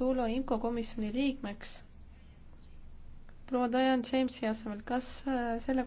Tuulo IMCO komisjoni liikmeks proua Diane Jamesi asemel, kas äh, selle